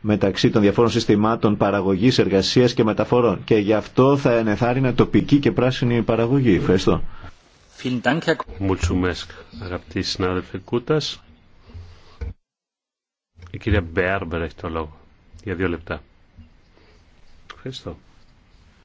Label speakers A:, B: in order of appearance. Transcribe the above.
A: μεταξύ των διαφόρων συστημάτων παραγωγής, εργασίας και μεταφορών. Και γι' αυτό θα ενεθάρρυνα τοπική και πράσινη παραγωγή. Ευχαριστώ.
B: Μουτσουμέσκ, αγαπητοί συνάδελφοι Κούτας. Η κυρία Μπέρμπερ, έχει το λόγο για δύο λεπτά.
C: Ευχαριστώ.